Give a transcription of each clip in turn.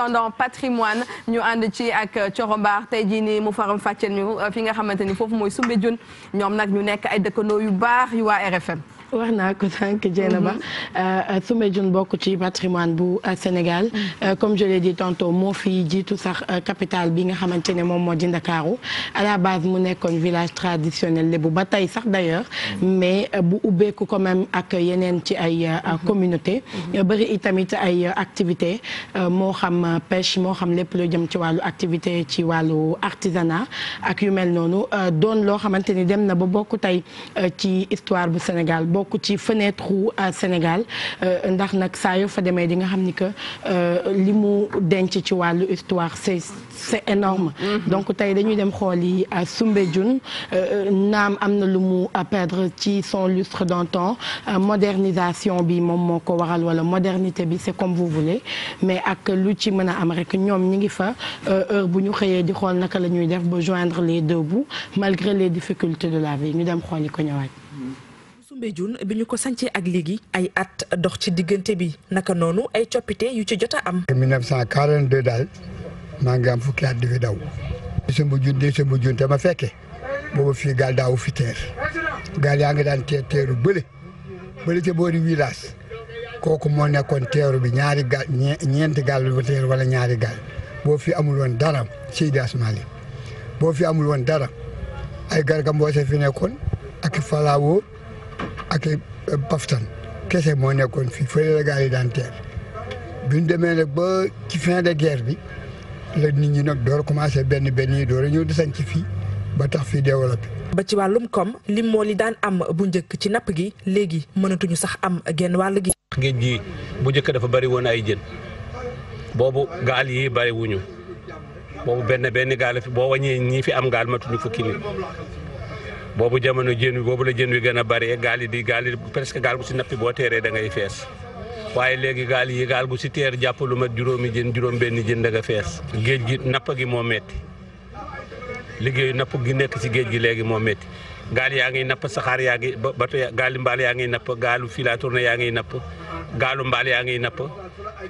attendant patrimoine ñu ànd ci ak euh, Corombaar tey jii nii mu faram fàcceel ñu euh, fi nga xamante ni foofu mooy Soumbédioune ñoom nag ñu nekk ay dëkkandoo yu baax yu waa RFM wax naa ko sànq Dieynaba mhm. euh, euh, Soumbédioune bokk ci patrimoine bu euh, Sénégal mhm. comme je l'ai dit tantôt moo fi jiitu sax capital bi nga xamante ne moom moo di Ndakaaru à la base mu nekkoon village traditionnel lébu ba tey sax d'ailleurs mhm. mais bu ubbeeku ko même ak yeneen ci ay communauté bëri itamit ay activité moo xam pêche moo xam lépp lu jëm ci wàllu activité ci wàllu artisanat ak yu mel noonu doon loo xamante ni dem na ba bokk tey ci histoire bu Sénégal bokk ci fenêtre wu euh, Sénégal euh, ndax nag saa yoo fa demee di nga xam ni que euh, li mu denc ci wàllu histoire c'est c'est énorme mm-hmm. donc tey dañuy dem xool yi Soumbédioune naam am na lu mu perdre ci son lustre d'antan modernisation bi moom moo ko waral wala modernité bi c'est comme vous voulez mais ak lu ci mën a am rek ñoom ñu ngi fa heure bu ñu xëyee di xool naka la ñuy def ba joindre les deux bouts malgré les difficultés de la vie ñu dem xooli ko ñëwaat Soumbédioune bi ñu ko sancee ak léegi ay at dox ci diggante bi naka noonu ay coppite yu ci jot a am. 1942 daal maa ngi am fukki at di fi daw. Soumbédioune de Soumbédioune te ma fekke boobu fii gaal daawu fi teer gaal yaa ngi daal teer teeru bële bële ca boori village kooku moo nekkoon teeru bi ñaari gaal ñeenti gaal bu teer wala ñaari gaal boo fi amul woon dara Seydi Asmaali boo fi amul woon dara ay garga mboose fi nekkoon ak falaawo ak i paftan e, kese moo nekkoon fi fële la yi daan teer bi ñu demee nag ba ci fin de guerre bi la nit ñi nag door commencé benn benn yi ñëw di sañ ci fii ba tax fii développé. ba ci wàllum koom lim moo daan am bu njëkk ci napp gi léegi mënatuñu sax am genn wàll gi. ngeen ji bu njëkk dafa bari woon ay jën boobu gaal yi bari wuñu boobu benn benn gaal fi boo wàññee ñi fi am gaal matuñu fukki nit boobu jamono jën wi boobu la jën wi gën a bëree gaal yi di gaal yi presque gaal bu si nappi boo teeree dangay fees waaye léegi gaal yi gaal gu si teer jàpp lu juróomi jën juróom benn jën da nga fees géej gi napp gi moo metti liggéeyu napp gi nekk si géej gi léegi moo metti gaal yaa ngi napp saxaar yaa ngi bato mbaal yaa ngi napp gaalu fila tourné yaa ngi napp gaalu mbaal yaa ngi napp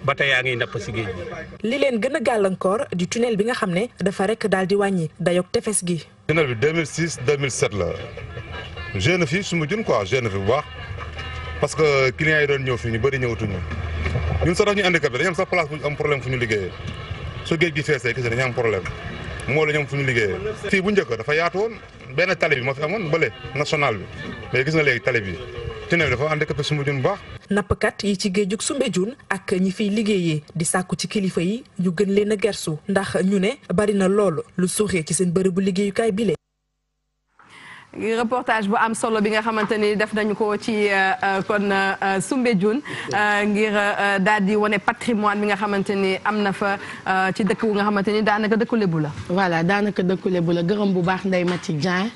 bato yaa ngi napp si géej gi. li leen gën a gàllankoor di tunnel bi nga xam ne defar rek daal di wàññi dayog tefes gi. tunnel bi 2006 2007 la jeune fi su ma jun quoi jeune fi bu baax parce que clients yi doon ñëw fii ñu bëri ñëwatuñu ñun sax dañu handicapé dañu am sax place bu am problème fu ñu liggéeyee su géej gi feesee kese dañu am problème. moo la ñoom fu ñu liggéeyee fii bu njëkk dafa yaatu woon benn tali bi moo fi amoon bële national bi mais gis na léegi tali bi tunnel bi dafa handicapé Soumbédioune bu baax nappkat yi ci géejug Soumbédioune ak ñi fiy liggéeyee di sàkku ci kilifa yi ñu gën leen a gersu ndax ñu ne bari na loolu lu suuxee ci seen bërëbu liggéeyukaay bile reportage bu am solo bi nga xamante ni def nañu ko ci euh, euh, kon euh, Soumbédioune ngir daal di wane patrimoine bi nga xamante ni am na fa ci dëkk bu nga xamante ni daanaka dëkku Lebu la. voilà daanaka dëkku Lebu la gërëm bu baax Ndeye Mati Dieng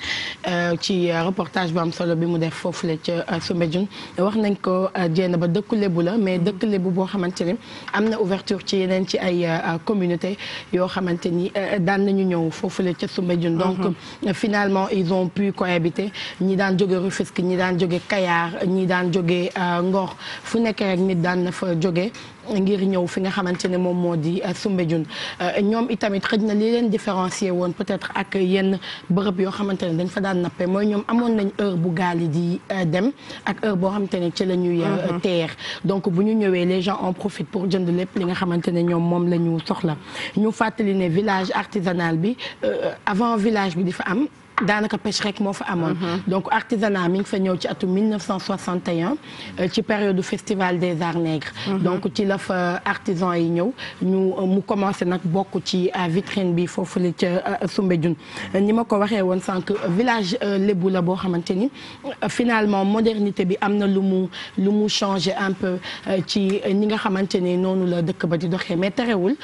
ci reportage bu am solo bi mu def foofu la ca Soumbédioune wax nañ ko jéem ba dëkku Lebu la mais mm-hmm. dëkku Lebu boo xamante ni am na ouverture ci yeneen ci ay communauté yoo xamante ni daan nañu ñëw foofu la ca Soumbédioune mm-hmm. donc finalement ils ont pu. cohabité ñi daan jóge Rufisque ñi daan jóge Kayar ñi daan jóge euh, Ngor fu nekk rek nit daan na fa joge ngir ñëw fi nga xamante ne moom moo di euh, Soumbédioune euh, ñoom itamit xëj na li leen différencier woon peut-être ak yenn bërëb yoo xamante ne dañ fa daan nappe mooy ñoom amoon nañ heure bu gaal yi di dem ak heure boo xamante ne ci la ñuy mhm. teer donc bu ñu ñëwee les gens en profitent pour jënd lépp li nga xamante ne ñoom moom la ñu soxla ñu fàttali ne village artisanal bi avant am daanaka pêche rek moo fa amoon. Mhm. donc artisanat mi ngi fa ñëw ci atum 1961 ci période festival des arts nègres. Mhm. donc ci la fa artisan yi ñëw ñu euh, mu commencé nag bokk ci euh, vitrine bi foofu la ca euh, Soumbédioune ni ma ko waxee woon sànq village lébu boo xamante ni finalement modernité bi am na lu mu lu mu changé un peu ci ni nga xamante ni noonu la dëkk ba di doxee mais terewul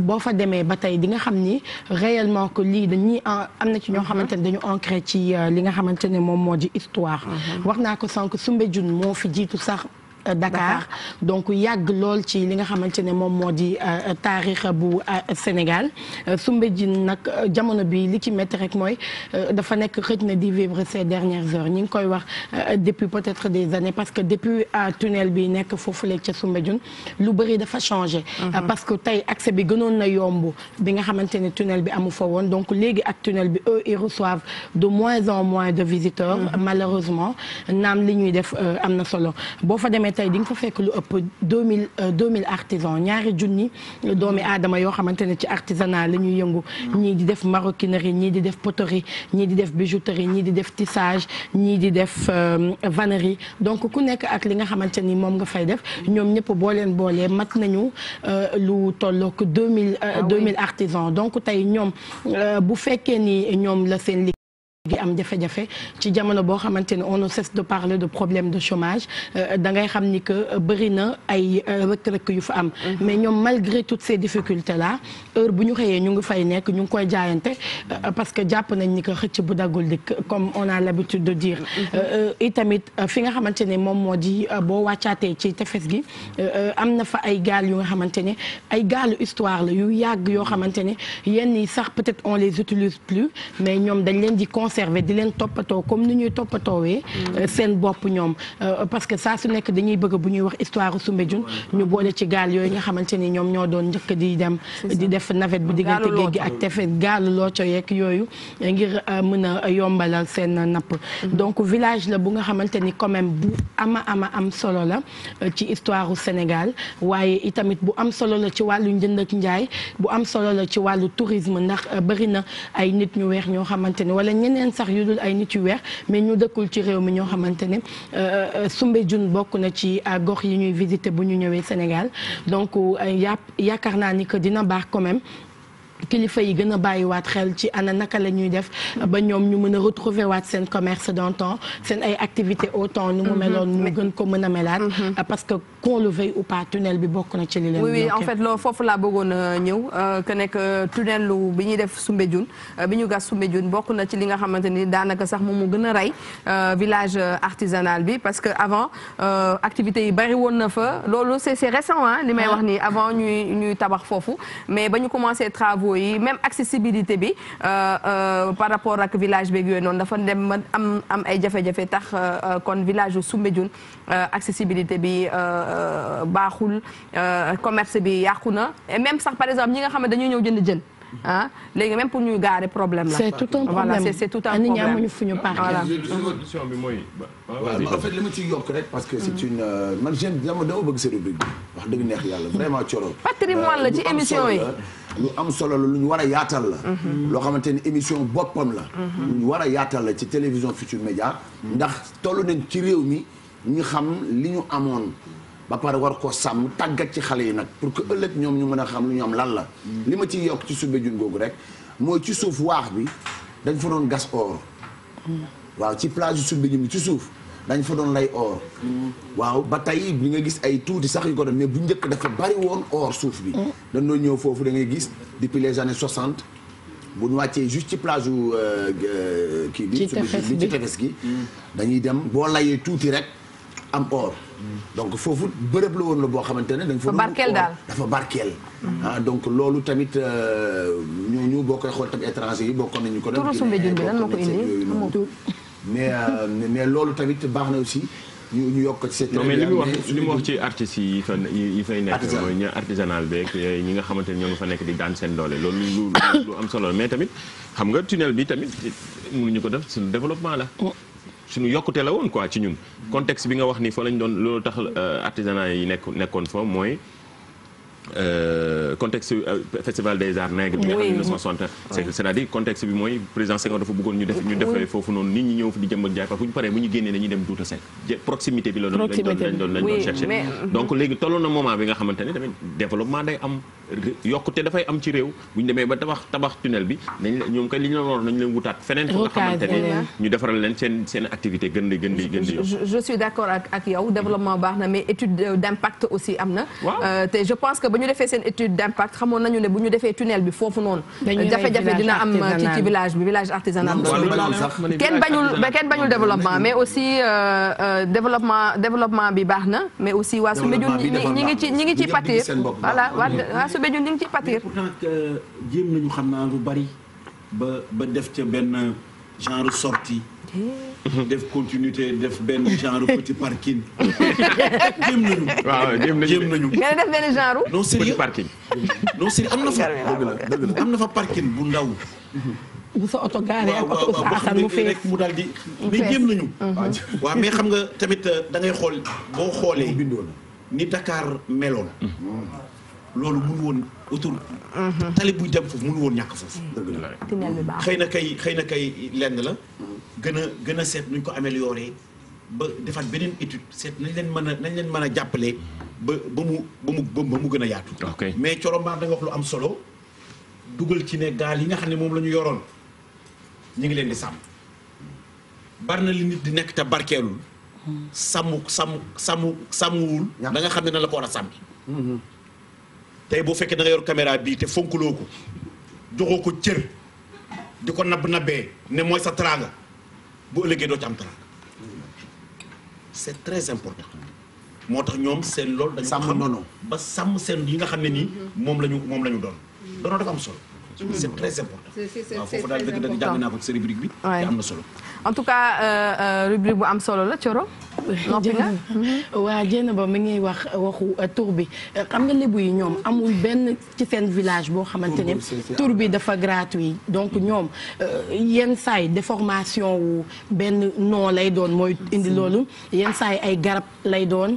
boo fa demee ba tey di nga xam ni réellement que lii dañuy am na ci ñoo mhm. xamante ni ancré ci euh, li nga xamante ne moom moo di histoire mm-hmm. wax naa ko sànq Soumbédioune moo fi jiitu sax Euh, Dakar donc yàgg lool ci li nga xamante ne moom moo di euh, taarix bu euh, Sénégal Soumbédioune nag jamono bi li ci métti rek mooy dafa nekk xëj na di vivre ces dernières heures ñu ngi koy wax depuis peut-être des années parce que depuis tunnel bi nekk foofu léegi ca Soumbédioune lu bëri dafa changé mhm. parce que tey accès bi gënoon na yomb bi nga xamante ne tunnel bi amu fa woon donc léegi ak tunnel bi eux ils reçoivent de moins en moins de visiteurs mhm. malheureusement li ñuy def am na solo ne tey di nga fa fekk lu ëpp deux mille euh, deux mille artisans ñaari junni doomi aadama yoo xamante ne ci artisanat la ñuy yëngu ñii di def maroquinerie ñii di def poterie ñii di def bijouterie ñii di def tissage ñii di def euh, vannerie donc ku nekk ak li nga xamante ni moom nga fay def ñoom ñëpp boo leen boolee mat nañu euh, lu tollook deux mille ah deux mille artisans donc tey ñoom bu fekkee ni ñoom la seen gi am jafe-jafe ci jamono boo xamante ni on ne cesse de parler de problème de chômage euh, da ngay xam ni que euh, bëri na ay euh, rëkk-rëkk yu fa am mm-hmm. mais ñoom malgré toutes ces difficultés la heure bu ñu xëyee ñu ngi fay nekk ñu ngi koy jaayante parce que jàpp nañ ni que xëcc bu daggul dikk comme on a l'habitude de dire i mm-hmm. tamit fi nga xamante ne moom moo di boo wàccaatee ci tefes gi am na fa ay gaal yu nga xamante ni ay gaalu histoire la yu yàgg yoo xamante ni yenn sax peut-être on les utilise conserver di leen toppatoo comme ni ñuy toppatoowee mm. euh, seen bopp ñoom euh, parce que saa su nekk dañuy bëgg bu ñuy wax histoire Soumbédioune ñu boole ci gaal yooyu nga xamante ni ñoom ñoo doon njëkk di dem di def navette bi diggante géej gi ak tefes gaalu looco yeeg yooyu ngir euh, mën a yombalal seen napp mm-hmm. donc village la bu nga xamante ni quand même bu ama ama am solo la ci histoire Sénégal waaye itamit bu am solo la ci wàllu njënd ak njaay bu am solo la ci wàllu tourisme ndax bëri na ay nit ñu ñeneen sax yu dul ay nit yu weer mais ñu dëkkul ci réew mi ñoo xamante ne euh, euh, Soumbédioune bokk na ci gox yi ñuy visiter bu ñu ñëwee Sénégal donc euh, yàpp yaakaar naa ni que dina baax quand kilifa yi gën a bàyyiwaat xel ci ana naka la ñuy def ba ñoom ñu mën a retrouver waat seen commerce d'antan seen ay activités autant nu mu mhm. meloon mu gën ko mën a melaat mhm. parce que qu'on le veuille ou pas tunnel bi bokk na ci li leen oui en fait loolu foofu laa bëggoon a euh, ñëw euh, que nekk euh, tunnel lu bi ñuy def Soumbédioune bi ñu gas Soumbédioune bokk na ci li nga xamante ni daanaka sax moom mu gën a rey village artisanal bi parce que avant activité yi bari woon na fa loolu c'est c'est récent li may ah. wax nii avant ñuy ñuy tabax foofu yi même accessibilité bi euh, euh, par rapport ak village beeg yooyu noonu dafa dem am am ay jafe-jafe tax euh, kon village yu Soumbédioune accessibilité bi baaxul commerce bi yàqu na et même sax par exemple ñi nga xam ne dañuy ñëw jënd jën ah léegi même pour ñu garer problème la. c'est tout un problème voilà c'est tout un problème amuñu fu ñu parqué. voilà solution bi mooy. en fait li ma ciy yokk rek parce que c'est mm. une man j'aime dama bëgg sa rubrique bi wax dëgg neex yàlla vraiment émission lu am solo la lu ñu war a yaatal la. Mhm. loo xamante ni émission boppam la. Mhm. lu ñu war a yaatal la ci télévision Futurs Médias. Mhm. ndax toll nañ ci réew mi ñu xam li ñu amoon. ba pare war ko sàmm tàggat ci xale yi nag pour que ëllëg ñoom ñu mën a xam lu ñu am lan la. li ma ci yokk ci Soumbédioune googu rek mooy ci suuf waax bi dañ fa doon gas or. waaw ci plage Soumbédioune bi ci suuf. dañ fa doon lay or. waaw ba tey bi nga gis ay tuuti sax yu ko doon mais bu njëkk dafa bari woon oor suuf bi. dañ doon ñëw foofu da ngay gis depuis les années 60. bu ñu wàccee juste ci plage euh, euh, kii bi. ci tefes gi mm. dañuy dem boo layee tuuti rek am or. donc foofu bërëb la woon la boo xamante ne dañ fa barkeel daal dafa barkeel mm. ah donc loolu tamit euh, ñu ñu boo koy xool tamit étranger yi bokkoon nañu ko. def turu Soumbédioune bi lan moo ko indi Euh, mais mais loolu tamit baax na aussi. ñu yokk ci secteur non mais li mu li mu wax ci artistes yi yi fa yi fay nekk. artisanal mooy artisanal beeg ñi nga xamante ne ñoo nga fa nekk di daan seen doole loolu lu lu am solo mais tamit xam nga tunnel bi tamit ñu ko def suñu développement la. Oh. suñu yokkute la woon quoi ci ñun. contexte bi nga wax ni fa lañ doon loolu tax euh, artisanat yi nekk nekkoon fa mooy. Euh, contexte euh, festival des arts nègres bi nga xam ne 1961 c'est-à-dire contexte bi mooy président Senghor dafa bëggoon ñu def ñu defee foofu noonu nit ñi ñëw fi di jëmbat jaay parce que bu ñu paree bu ñu génnee dañuy dem duuta sec proximité bi la doon lañ doon lañ doon chercher donc léegi tolloon na moment bi nga xamante ne tamit développement day am yokkute dafay am ci réew bu ñu demee ba tabax tunnel bi la ñoom kay li ñu la war nañ defaral leen seen activité gën di gën di je suis d'accord ak ak développement baax na mais étude d'impact aussi am na euh, te je pense que ba ñu defee seen étude d'impact xamoon nañu ne bu ñu defee tunnel bi foofu noonu jafe-jafe dina am ci village village artisanal bi baax na mais aussi waa su Médioune ñi ngi ci ñi ngi ci pâtir be ñun ñu ngi ciy pâtir. pourtant jéem nañu xam naa lu bari ba ba def ca benn genre sortie eh. def continuité def benn genre petit parking. jéem nañu. waaw jéem nañu jéem nañu. nga def benn genre. non sérieux am na fa. dëgg la am na fa parking bu ndaw. bu sa oto gaaree ak oto sa asal mu fees mu daal di mais jéem nañu. Mm-hmm. waaw mais xam nga tamit euh, da ngay xool boo xoolee. ni Dakar meloon. Mm-hmm. loolu mënu woon autoroute. Mhm. tali buy dem foofu mënu woon ñàkk foofu. Mm. dëgg la tunnel bi xëy na kay xëy na kay lenn la. gën a gën a seet nuñ ko amélioré ba defaat beneen étude seet nañ leen mën a nañ leen mën a jàppale ba ba mu ba mu ba mu gën a yaatu. mais Corombaar da wax lu am solo dugal ci ne gaal yi nga xam ne moom lañu yoroon ñu ngi leen di sàmm. bari na li nit di nekk te barkeelul. Mm. sàmm sàmm sàmm sàmmuwul. da nga xam ne na la ko war a sàmm. Mm-hmm. tey boo fekkee da nga yor caméra bii te fonkuloo ko joxoo ko cër di ko nab nabee ne mooy sa teraanga bu ëllëgee doo ci am teraanga c'est très important moo tax ñoom seen loolu dañu sàmm noonu ba sàmm seen yi nga xam ne nii moom lañu ñu moom la ñu doon doonoo dafa am solo c'est très important waaw foofu daal dëgg dëgg jàng naa ko ci sa rubrique bi te am na solo en tout cas euh, euh, rubrique bu am solo la coro noppi nga mhm. waa jénn ba mi ngi wax waxu euh, tour bi euh, xam nga lébu yi ñoom amul benn ci seen village boo xamante ne tur bi dafa gratuit donc ñoom euh, yenn saay déformation wu benn non lay doon mooy indi loolu yenn saay ay garab lay doon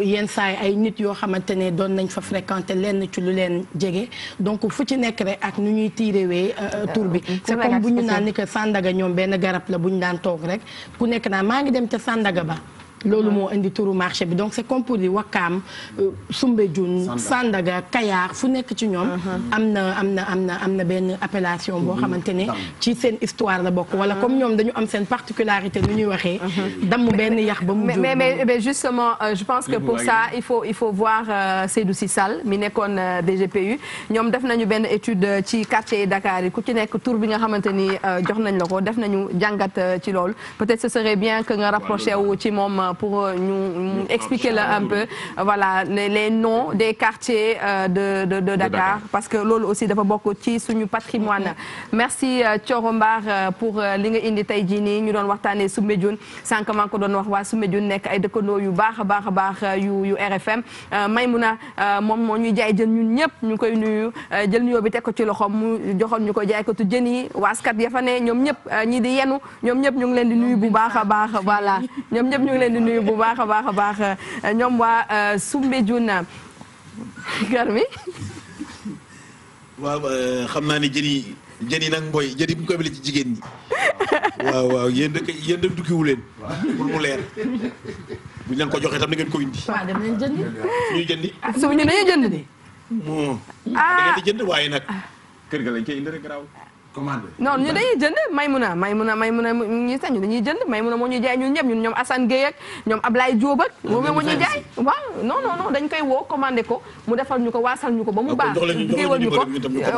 yenn saay ay nit yoo xamante ne doon nañ fa fréquenté lenn ci lu leen jege donc fu ci nekk rek ak nu ñuy tiirewee tur bi c'est comme bu ñu naan ni que Sandaga ñoom benn garab la bu ñu daan toog rek ku nekk naa maa ngi dem ca sàndaga ba loolu moo indi tour marché bi donc c'est comme pour di Wakam euh, Soumbédioune Sandaga kayaar fu nekk ci ñoom uh-huh. am na am na am na am na benn appellation boo mm-hmm. xamante ne ci seen histoire la bokk wala comme uh-huh. ñoom dañu am seen particularité nu ñuy waxee uh-huh. damm benn yax ba mu mais mais justement euh, je pense que pour ça il faut il faut du si sal mi nekkoon euh, DGPU ñoom def nañu benn étude ci quartier yi Dakar yi ku ci nekk tour bi nga xamante ni jox nañ la ko def nañu jàngat ci loolu peut pour ñu euh, expliquer la un peu voilà les noms des quartiers euh, de de de Dakar parce que loolu aussi dafa bokk ci suñu patrimoine merci euh, Thioro mbaax pour li nga indi tey jii nii ñu doon waxtaanee Soumbédioune sànq maa ko doon wax waa Soumbédioune nekk ay dëkkandoo yu baax a baax a baax yu yu RFM Maymouna moom moo ñuy jaay jën ñun ñëpp ñu koy nuyu jël nuyoo bi teg ko ci loxoom mu joxoon ñu ko jaaykatu jën yi waaskat ya fa ne ñoom ñëpp ñi di yenu ñoom ñëpp ñu ngi leen di nuyu bu baax a baax di bu baax a baax a baax eh, ñoom waa eh, Soumbédioune garmi waaw eh, xam naa ni jën yi jën yi nag mbooy jën yi bu ñu ko ci jigéen ñi waaw waaw yéen dëkk yéen dëkk dukkiwu leen pour bu ñu ko joxee tam da ngeen koy indi. waaw dem nañ ñuy jëndi. su ñu dañuy jënd de. bon. ah jënd waaye nag. Ah. kër ga lañ koy indi rek garaaw. commandé non ñu dañuy jënd Maymuna Maymuna Maymuna ñu sax ñu dañuy jënd Maymuna moo ñun ñoom Assane Gueye ñoom Ablaye Diop ak moom moo ñuy jaay waaw non non non dañ koy woo commandé ko mu defal ñu ko waasal ñu ko ba mu baax géewal ñu ko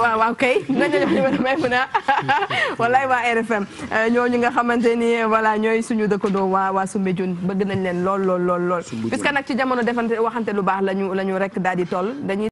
waaw waaw kay nañu jox Maymuna wallaay waa RFM euh, ñooñu nga xamante ni voilà ñooy suñu dëkkandoo waa waa Soumbédioune bëgg nañ leen lool lool lool lool puisque nag ci jamono defante lu baax lañu rek daal di dañuy